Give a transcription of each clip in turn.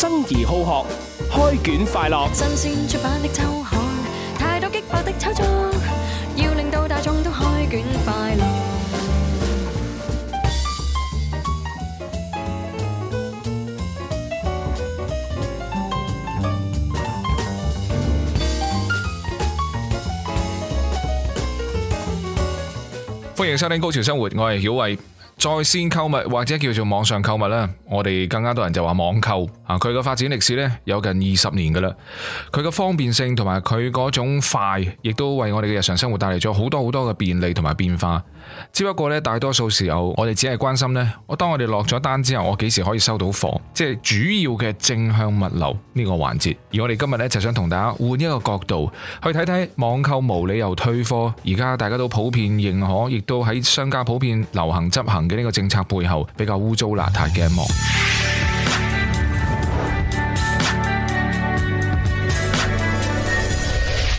生而好學，開卷快樂。新鮮出版的周刊，太多激烈的炒作，要令到大眾都開卷快樂。歡迎收聽《高潮生活》，我係曉慧。在線購物或者叫做網上購物咧，我哋更加多人就話網購啊。佢嘅發展歷史咧，有近二十年噶啦，佢嘅方便性同埋佢嗰種快，亦都為我哋嘅日常生活帶嚟咗好多好多嘅便利同埋變化。只不過咧，大多數時候我哋只係關心呢，我當我哋落咗單之後，我幾時可以收到貨，即係主要嘅正向物流呢個環節。而我哋今日呢，就想同大家換一個角度去睇睇網購無理由退貨，而家大家都普遍認可，亦都喺商家普遍流行執行嘅呢個政策背後比較污糟邋遢嘅一幕。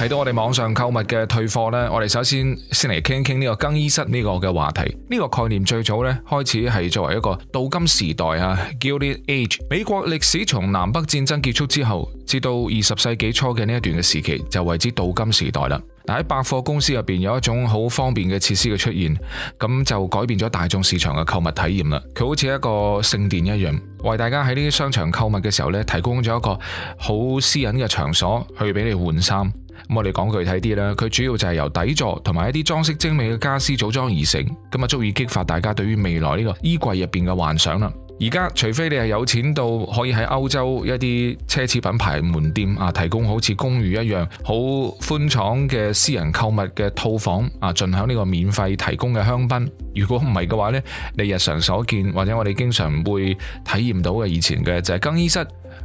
睇到我哋網上購物嘅退貨呢，我哋首先先嚟傾一傾呢個更衣室呢個嘅話題。呢個概念最早呢開始係作為一個鍍金時代啊，Gilded Age。美國歷史從南北戰爭結束之後，至到二十世紀初嘅呢一段嘅時期就為之鍍金時代啦。嗱，喺百貨公司入邊有一種好方便嘅設施嘅出現，咁就改變咗大眾市場嘅購物體驗啦。佢好似一個聖殿一樣，為大家喺呢啲商場購物嘅時候呢，提供咗一個好私隱嘅場所去俾你換衫。我哋講具體啲啦，佢主要就係由底座同埋一啲裝飾精美嘅家私組裝而成，咁啊足以激發大家對於未來呢個衣櫃入邊嘅幻想啦。而家，除非你係有錢到可以喺歐洲一啲奢侈品牌門店啊，提供好似公寓一樣好寬敞嘅私人購物嘅套房啊，盡享呢個免費提供嘅香檳。如果唔係嘅話呢，你日常所見或者我哋經常會體驗到嘅以前嘅就係更衣室，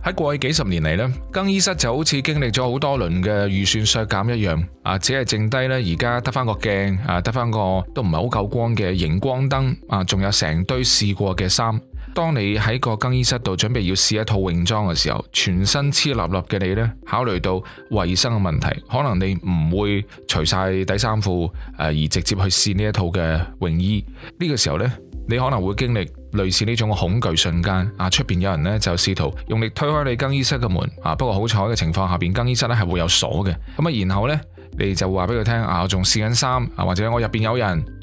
喺過去幾十年嚟咧，更衣室就好似經歷咗好多輪嘅預算削減一樣啊，只係剩低呢。而家得翻個鏡啊，得翻個都唔係好夠光嘅熒光燈啊，仲有成堆試過嘅衫。當你喺個更衣室度準備要試一套泳裝嘅時候，全身黐立立嘅你呢，考慮到衛生嘅問題，可能你唔會除晒底衫褲、呃、而直接去試呢一套嘅泳衣。呢、呢個時候呢，你可能會經歷類似呢種恐懼瞬間啊！出、呃、邊有人呢，就試圖用力推開你更衣室嘅門啊、呃！不過好彩嘅情況下邊，更衣室呢係會有鎖嘅。咁、呃、啊，然後呢，你就會話俾佢聽啊，我仲試緊衫啊，或者我入邊有人。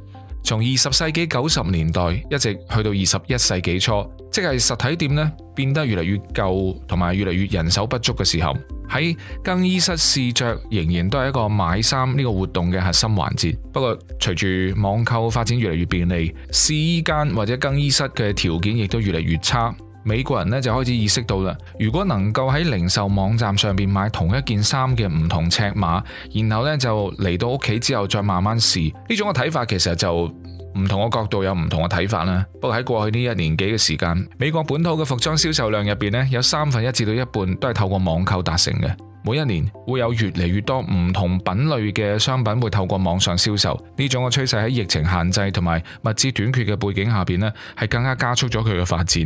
從二十世紀九十年代一直去到二十一世紀初，即係實體店咧變得越嚟越舊，同埋越嚟越人手不足嘅時候，喺更衣室試着仍然都係一個買衫呢個活動嘅核心環節。不過隨住網購發展越嚟越便利，試衣間或者更衣室嘅條件亦都越嚟越差。美國人咧就開始意識到啦，如果能夠喺零售網站上邊買同一件衫嘅唔同尺碼，然後咧就嚟到屋企之後再慢慢試，呢種嘅睇法其實就唔同嘅角度有唔同嘅睇法啦。不過喺過去呢一年幾嘅時間，美國本土嘅服裝銷售量入邊呢，有三分一至到一半都係透過網購達成嘅。每一年會有越嚟越多唔同品類嘅商品會透過網上銷售。呢種嘅趨勢喺疫情限制同埋物資短缺嘅背景下邊呢，係更加加速咗佢嘅發展。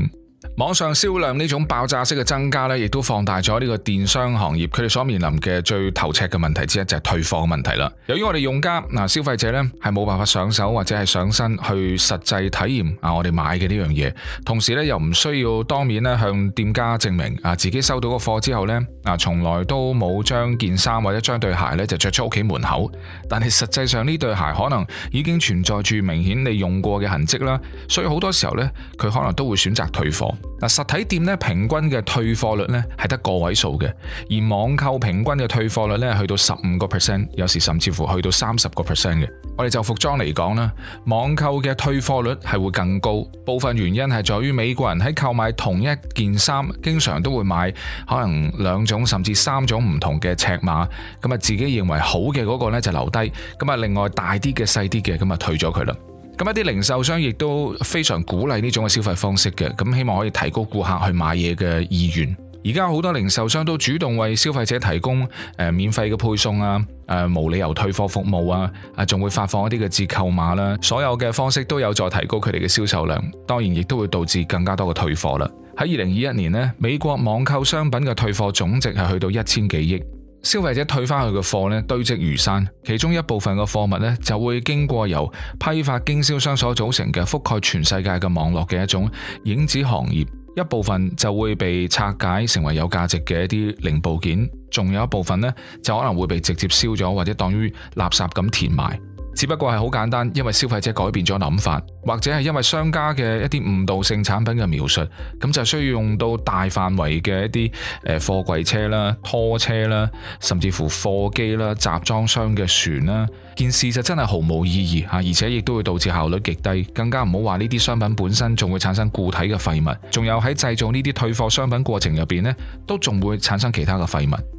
網上銷量呢種爆炸式嘅增加呢，亦都放大咗呢個電商行業佢哋所面臨嘅最頭赤嘅問題之一，就係退貨嘅問題啦。由於我哋用家嗱消費者呢，係冇辦法上手或者係上身去實際體驗啊我哋買嘅呢樣嘢，同時呢，又唔需要當面呢向店家證明啊自己收到個貨之後呢，啊從來都冇將件衫或者將對鞋呢就着出屋企門口，但係實際上呢對鞋可能已經存在住明顯你用過嘅痕跡啦，所以好多時候呢，佢可能都會選擇退貨。嗱，實體店咧平均嘅退貨率咧係得個位數嘅，而網購平均嘅退貨率咧去到十五個 percent，有時甚至乎去到三十個 percent 嘅。我哋就服裝嚟講啦，網購嘅退貨率係會更高，部分原因係在於美國人喺購買同一件衫，經常都會買可能兩種甚至三種唔同嘅尺碼，咁啊自己認為好嘅嗰個咧就留低，咁啊另外大啲嘅細啲嘅咁啊退咗佢啦。咁一啲零售商亦都非常鼓勵呢種嘅消費方式嘅，咁希望可以提高顧客去買嘢嘅意願。而家好多零售商都主動為消費者提供誒免費嘅配送啊、誒無理由退貨服務啊，啊仲會發放一啲嘅折扣碼啦，所有嘅方式都有助提高佢哋嘅銷售量，當然亦都會導致更加多嘅退貨啦。喺二零二一年呢，美國網購商品嘅退貨總值係去到一千幾億。消費者退翻去嘅貨呢，堆積如山，其中一部分嘅貨物呢就會經過由批發經銷商所組成嘅覆蓋全世界嘅網絡嘅一種影子行業，一部分就會被拆解成為有價值嘅一啲零部件，仲有一部分呢，就可能會被直接燒咗，或者當於垃圾咁填埋。只不過係好簡單，因為消費者改變咗諗法，或者係因為商家嘅一啲誤導性產品嘅描述，咁就需要用到大範圍嘅一啲誒貨櫃車啦、拖車啦，甚至乎貨機啦、集裝箱嘅船啦，件事就真係毫無意義吓，而且亦都會導致效率極低，更加唔好話呢啲商品本身仲會產生固體嘅廢物，仲有喺製造呢啲退貨商品過程入邊呢，都仲會產生其他嘅廢物。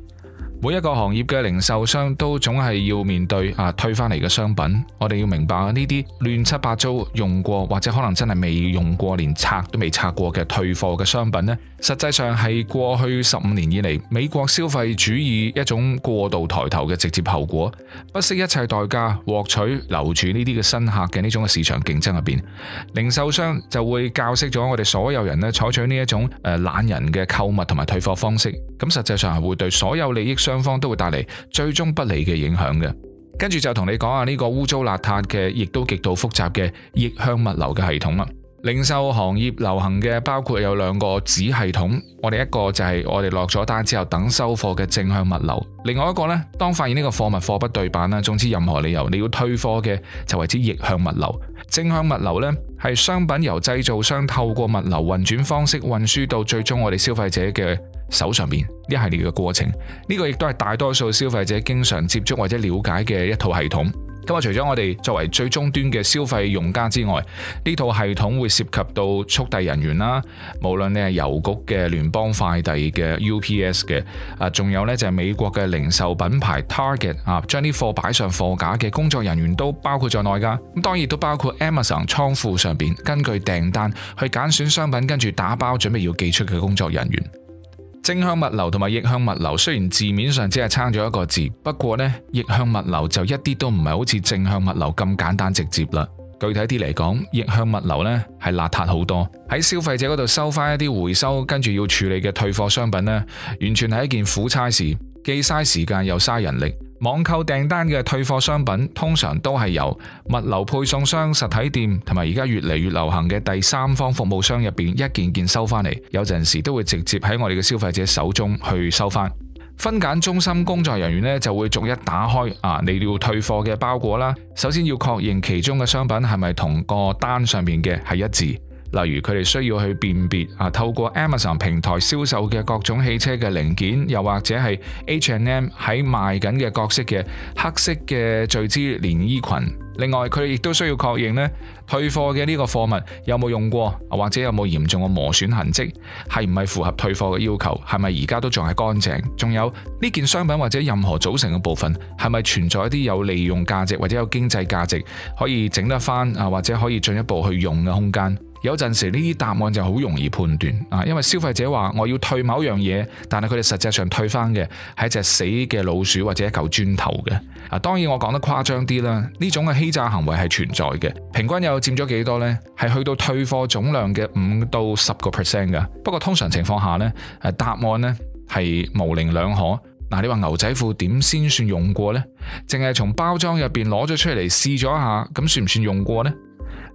每一個行業嘅零售商都總係要面對啊退翻嚟嘅商品，我哋要明白呢啲亂七八糟用過或者可能真係未用過，連拆都未拆過嘅退貨嘅商品呢，實際上係過去十五年以嚟美國消費主義一種過度抬頭嘅直接後果，不惜一切代價獲取留住呢啲嘅新客嘅呢種嘅市場競爭入邊，零售商就會教識咗我哋所有人咧，採取呢一種，誒，懶人嘅購物同埋退貨方式。咁實際上係會對所有利益雙方都會帶嚟最終不利嘅影響嘅。跟住就同你講下，呢個污糟邋遢嘅，亦都極度複雜嘅逆向物流嘅系統啦。零售行業流行嘅包括有兩個子系統，我哋一個就係我哋落咗單之後等收貨嘅正向物流，另外一個咧，當發現呢個貨物貨不對版啦，總之任何理由你要退貨嘅，就爲之逆向物流。正向物流咧，係商品由製造商透過物流運轉方式運輸到最終我哋消費者嘅。手上邊一系列嘅過程，呢個亦都係大多數消費者經常接觸或者了解嘅一套系統。咁啊,除咗我哋作為最終端嘅消費用家之外，呢套系統會涉及到速遞人員啦，無論你係郵局嘅聯邦快遞嘅 U P S 嘅啊，仲有呢就係美國嘅零售品牌 Target 啊，將啲貨擺上貨架嘅工作人員都包括在內噶。咁當然都包括 Amazon 倉庫上邊根據訂單去揀選商品，跟住打包準備要寄出嘅工作人員。正向物流同埋逆向物流，雖然字面上只係差咗一個字，不過呢，逆向物流就一啲都唔係好似正向物流咁簡單直接啦。具體啲嚟講，逆向物流呢係邋遢好多，喺消費者嗰度收翻一啲回收跟住要處理嘅退貨商品呢，完全係一件苦差事，既嘥時間又嘥人力。網購訂單嘅退貨商品，通常都係由物流配送商、實體店同埋而家越嚟越流行嘅第三方服務商入邊一件件收翻嚟，有陣時都會直接喺我哋嘅消費者手中去收翻。分揀中心工作人員呢就會逐一打開啊你要退貨嘅包裹啦，首先要確認其中嘅商品係咪同個單上面嘅係一致。例如佢哋需要去辨別啊，透過 Amazon 平台銷售嘅各種汽車嘅零件，又或者係 H&M 喺賣緊嘅各式嘅黑色嘅聚酯連衣裙。另外，佢哋亦都需要確認呢退貨嘅呢個貨物有冇用過，或者有冇嚴重嘅磨損痕跡，係唔係符合退貨嘅要求？係咪而家都仲係乾淨？仲有呢件商品或者任何組成嘅部分係咪存在一啲有利用價值或者有經濟價值可以整得返啊，或者可以進一步去用嘅空間？有陣時呢啲答案就好容易判斷啊，因為消費者話我要退某樣嘢，但係佢哋實際上退翻嘅係一隻死嘅老鼠或者一嚿磚頭嘅啊。當然我講得誇張啲啦，呢種嘅欺詐行為係存在嘅。平均又佔咗幾多呢？係去到退貨總量嘅五到十個 percent 㗎。不過通常情況下呢，答案呢係模稜兩可。嗱，你話牛仔褲點先算用過呢？淨係從包裝入邊攞咗出嚟試咗下，咁算唔算用過呢？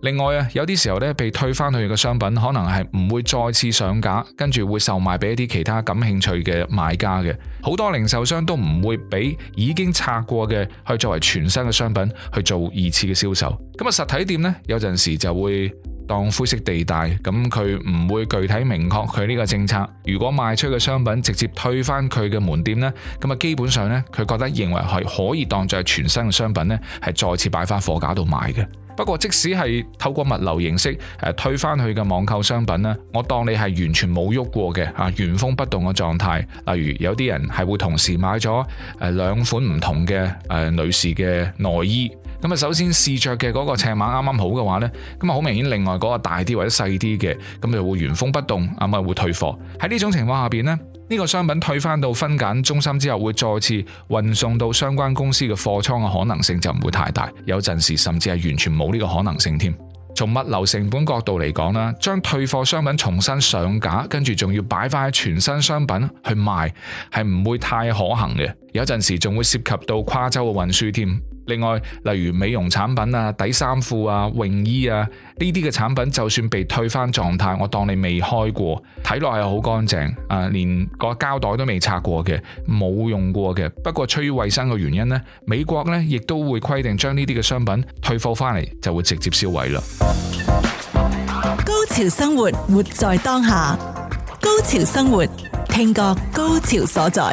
另外啊，有啲時候咧，被退翻去嘅商品，可能係唔會再次上架，跟住會售賣俾一啲其他感興趣嘅買家嘅。好多零售商都唔會俾已經拆過嘅，去作為全新嘅商品去做二次嘅銷售。咁啊，實體店呢，有陣時就會當灰色地帶，咁佢唔會具體明確佢呢個政策。如果賣出嘅商品直接退翻佢嘅門店呢，咁啊，基本上呢，佢覺得認為係可以當作全新嘅商品呢，係再次擺翻貨架度賣嘅。不過，即使係透過物流形式誒退翻去嘅網購商品咧，我當你係完全冇喐過嘅啊，原封不動嘅狀態。例如有啲人係會同時買咗誒兩款唔同嘅誒女士嘅內衣，咁啊，首先試着嘅嗰個尺碼啱啱好嘅話呢，咁啊，好明顯另外嗰個大啲或者細啲嘅，咁就會原封不動啊，咪會退貨。喺呢種情況下邊呢。呢個商品退翻到分揀中心之後，會再次運送到相關公司嘅貨倉嘅可能性就唔會太大，有陣時甚至係完全冇呢個可能性添。從物流成本角度嚟講啦，將退貨商品重新上架，跟住仲要擺翻喺全新商品去賣，係唔會太可行嘅。有陣時仲會涉及到跨州嘅運輸添。另外，例如美容產品啊、底衫褲啊、泳衣啊呢啲嘅產品，就算被退翻狀態，我當你未開過，睇落係好乾淨啊，連個膠袋都未拆過嘅，冇用過嘅。不過出於衛生嘅原因呢，美國呢亦都會規定將呢啲嘅商品退貨翻嚟，就會直接銷毀啦。高潮生活，活在當下。高潮生活，聽覺高潮所在。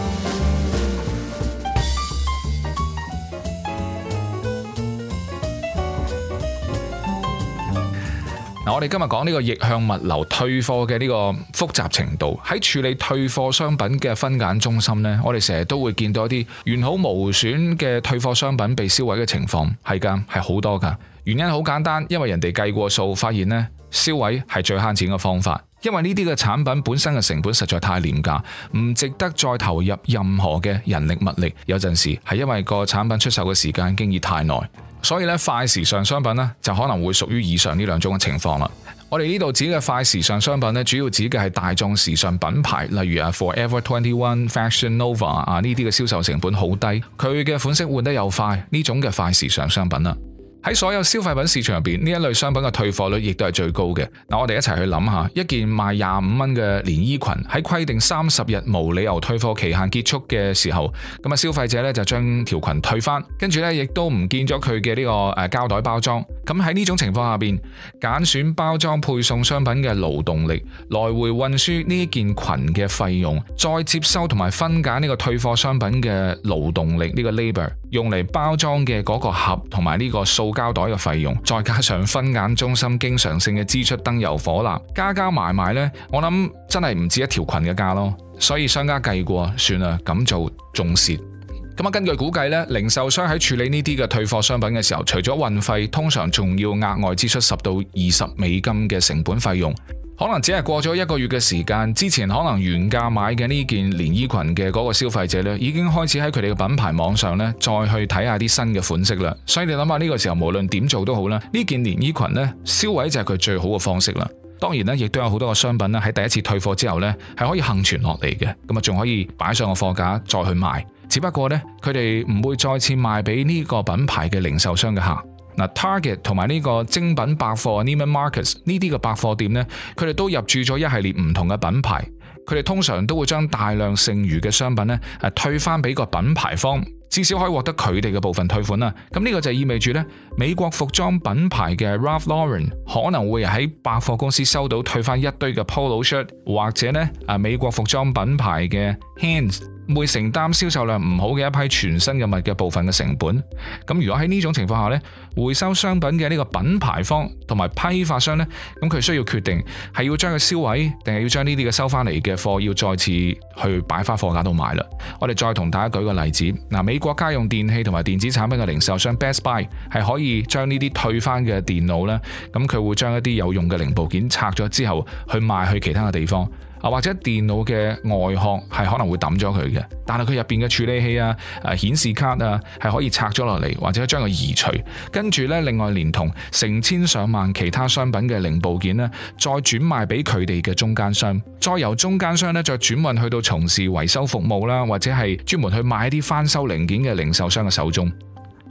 嗱，我哋今日講呢個逆向物流退貨嘅呢個複雜程度，喺處理退貨商品嘅分揀中心呢，我哋成日都會見到一啲完好無損嘅退貨商品被銷毀嘅情況，係噶，係好多噶。原因好簡單，因為人哋計過數，發現呢，銷毀係最慳錢嘅方法，因為呢啲嘅產品本身嘅成本實在太廉價，唔值得再投入任何嘅人力物力。有陣時係因為個產品出售嘅時間經已太耐。所以咧，快時尚商品咧就可能會屬於以上呢兩種嘅情況啦。我哋呢度指嘅快時尚商品咧，主要指嘅係大眾時尚品牌，例如啊 Forever 21、Fashion Nova 啊，呢啲嘅銷售成本好低，佢嘅款式換得又快，呢種嘅快時尚商品啦。喺所有消費品市場入邊，呢一類商品嘅退貨率亦都係最高嘅。嗱，我哋一齊去諗下，一件賣廿五蚊嘅連衣裙喺規定三十日無理由退貨期限結束嘅時候，咁啊消費者咧就將條裙退返，跟住咧亦都唔見咗佢嘅呢個誒膠袋包裝。咁喺呢種情況下邊，揀選包裝配送商品嘅勞動力，來回運輸呢件裙嘅費用，再接收同埋分揀呢個退貨商品嘅勞動力呢、這個 labour，用嚟包裝嘅嗰個盒同埋呢個塑膠袋嘅費用，再加上分揀中心經常性嘅支出燈油火蠟，加加埋埋呢我諗真係唔止一條裙嘅價咯。所以商家計過，算啦，咁就仲蝕。咁啊，根據估計咧，零售商喺處理呢啲嘅退貨商品嘅時候，除咗運費，通常仲要額外支出十到二十美金嘅成本費用。可能只係過咗一個月嘅時間，之前可能原價買嘅呢件連衣裙嘅嗰個消費者咧，已經開始喺佢哋嘅品牌網上咧，再去睇下啲新嘅款式啦。所以你諗下，呢個時候無論點做都好啦，呢件連衣裙咧，銷毀就係佢最好嘅方式啦。當然咧，亦都有好多個商品咧，喺第一次退貨之後咧，係可以幸存落嚟嘅，咁啊，仲可以擺上個貨架再去賣。只不過咧，佢哋唔會再次賣俾呢個品牌嘅零售商嘅客。嗱，Target 同埋呢個精品百貨 Neiman Marcus 呢啲嘅百貨店呢，佢哋都入駐咗一系列唔同嘅品牌，佢哋通常都會將大量剩餘嘅商品呢，誒退翻俾個品牌方，至少可以獲得佢哋嘅部分退款啦。咁呢個就意味住呢，美國服裝品牌嘅 Ralph Lauren 可能會喺百貨公司收到退翻一堆嘅 Polo shirt，或者呢，誒美國服裝品牌嘅 Hanes。會承擔銷售量唔好嘅一批全新嘅物嘅部分嘅成本。咁如果喺呢種情況下呢，回收商品嘅呢個品牌方同埋批發商呢，咁佢需要決定係要將佢銷毀，定係要將呢啲嘅收翻嚟嘅貨要再次去擺翻貨架度賣啦。我哋再同大家舉個例子，嗱，美國家用電器同埋電子產品嘅零售商 Best Buy 係可以將呢啲退翻嘅電腦呢，咁佢會將一啲有用嘅零部件拆咗之後去賣去其他嘅地方。啊，或者電腦嘅外殼係可能會抌咗佢嘅，但係佢入邊嘅處理器啊、誒顯示卡啊，係可以拆咗落嚟，或者將佢移除。跟住咧，另外連同成千上萬其他商品嘅零部件呢，再轉賣俾佢哋嘅中間商，再由中間商咧再轉運去到從事維修服務啦，或者係專門去買啲翻修零件嘅零售商嘅手中。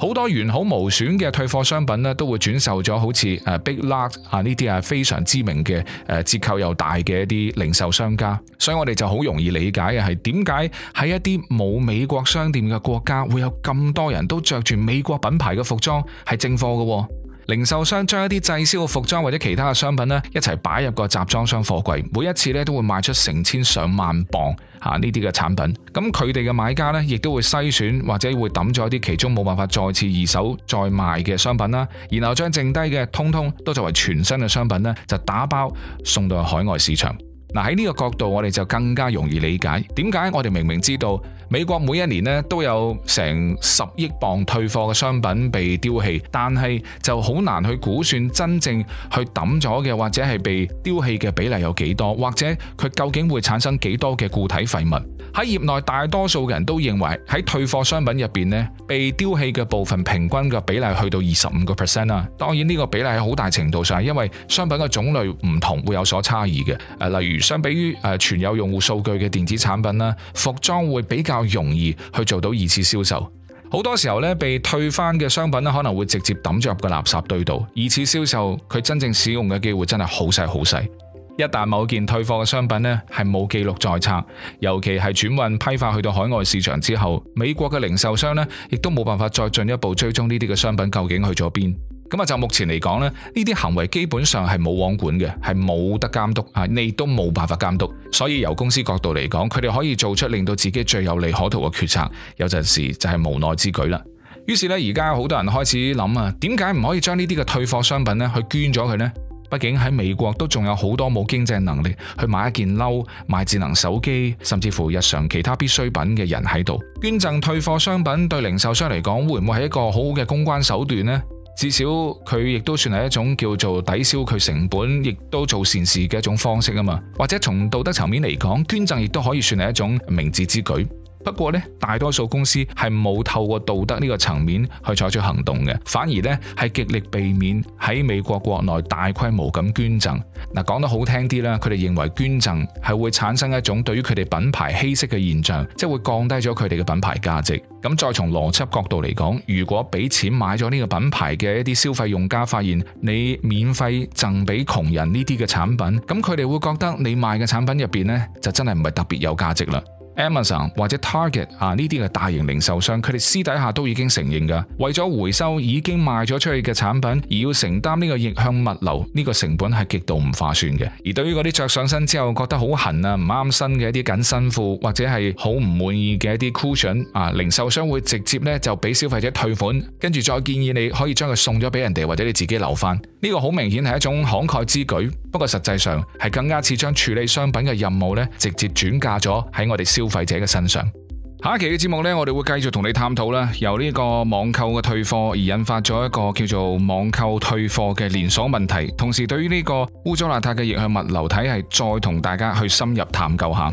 好多完好無損嘅退貨商品咧，都會轉售咗，好似誒 Big Lots 啊呢啲係非常知名嘅誒折扣又大嘅一啲零售商家，所以我哋就好容易理解嘅係點解喺一啲冇美國商店嘅國家會有咁多人都着住美國品牌嘅服裝係正貨嘅喎。零售商將一啲滯銷嘅服裝或者其他嘅商品咧，一齊擺入個集裝箱貨櫃，每一次咧都會賣出成千上萬磅啊！呢啲嘅產品，咁佢哋嘅買家咧，亦都會篩選或者會抌咗一啲其中冇辦法再次二手再賣嘅商品啦，然後將剩低嘅通通都作為全新嘅商品咧，就打包送到去海外市場。嗱，喺呢個角度，我哋就更加容易理解點解我哋明明知道，美國每一年呢都有成十億磅退貨嘅商品被丟棄，但係就好難去估算真正去揼咗嘅或者係被丟棄嘅比例有幾多，或者佢究竟會產生幾多嘅固體廢物。喺業內大多數嘅人都認為，喺退貨商品入邊呢，被丟棄嘅部分平均嘅比例去到二十五個 percent 啦。當然呢個比例係好大程度上，因為商品嘅種類唔同會有所差異嘅。誒，例如相比於，誒全有用戶數據嘅電子產品啦，服裝會比較容易去做到二次銷售。好多時候呢，被退翻嘅商品咧，可能會直接抌咗入個垃圾堆度。二次銷售，佢真正使用嘅機會真係好細好細。一旦某件退貨嘅商品呢係冇記錄在冊，尤其係轉運批發去到海外市場之後，美國嘅零售商呢亦都冇辦法再進一步追蹤呢啲嘅商品究竟去咗邊。咁啊，就目前嚟講咧，呢啲行為基本上係冇王管嘅，係冇得監督啊，你都冇辦法監督。所以由公司角度嚟講，佢哋可以做出令到自己最有利可圖嘅決策，有陣時就係無奈之舉啦。於是呢，而家好多人開始諗啊，點解唔可以將呢啲嘅退貨商品呢去捐咗佢呢？畢竟喺美國都仲有好多冇經濟能力去買一件褸、買智能手機，甚至乎日常其他必需品嘅人喺度。捐贈退貨商品對零售商嚟講，會唔會係一個好好嘅公關手段呢？至少佢亦都算係一種叫做抵消佢成本，亦都做善事嘅一種方式啊嘛。或者從道德層面嚟講，捐贈亦都可以算係一種明智之舉。不過咧，大多數公司係冇透過道德呢個層面去採取行動嘅，反而呢係極力避免喺美國國內大規模咁捐贈。嗱，講得好聽啲啦，佢哋認為捐贈係會產生一種對於佢哋品牌稀釋嘅現象，即係會降低咗佢哋嘅品牌價值。咁再從邏輯角度嚟講，如果俾錢買咗呢個品牌嘅一啲消費用家，發現你免費贈俾窮人呢啲嘅產品，咁佢哋會覺得你賣嘅產品入邊呢就真係唔係特別有價值啦。Amazon 或者 Target 啊呢啲嘅大型零售商，佢哋私底下都已經承認嘅，為咗回收已經賣咗出去嘅產品而要承擔呢個逆向物流呢個成本係極度唔劃算嘅。而對於嗰啲着上身之後覺得好痕啊唔啱身嘅一啲緊身褲或者係好唔滿意嘅一啲 cushion 啊，零售商會直接咧就俾消費者退款，跟住再建議你可以將佢送咗俾人哋或者你自己留翻。呢個好明顯係一種慷慨之舉，不過實際上係更加似將處理商品嘅任務咧直接轉嫁咗喺我哋消。消費者嘅身上，下一期嘅節目呢，我哋會繼續同你探討啦，由呢個網購嘅退貨而引發咗一個叫做網購退貨嘅連鎖問題，同時對於呢個污糟邋遢嘅逆向物流體系，再同大家去深入探究下。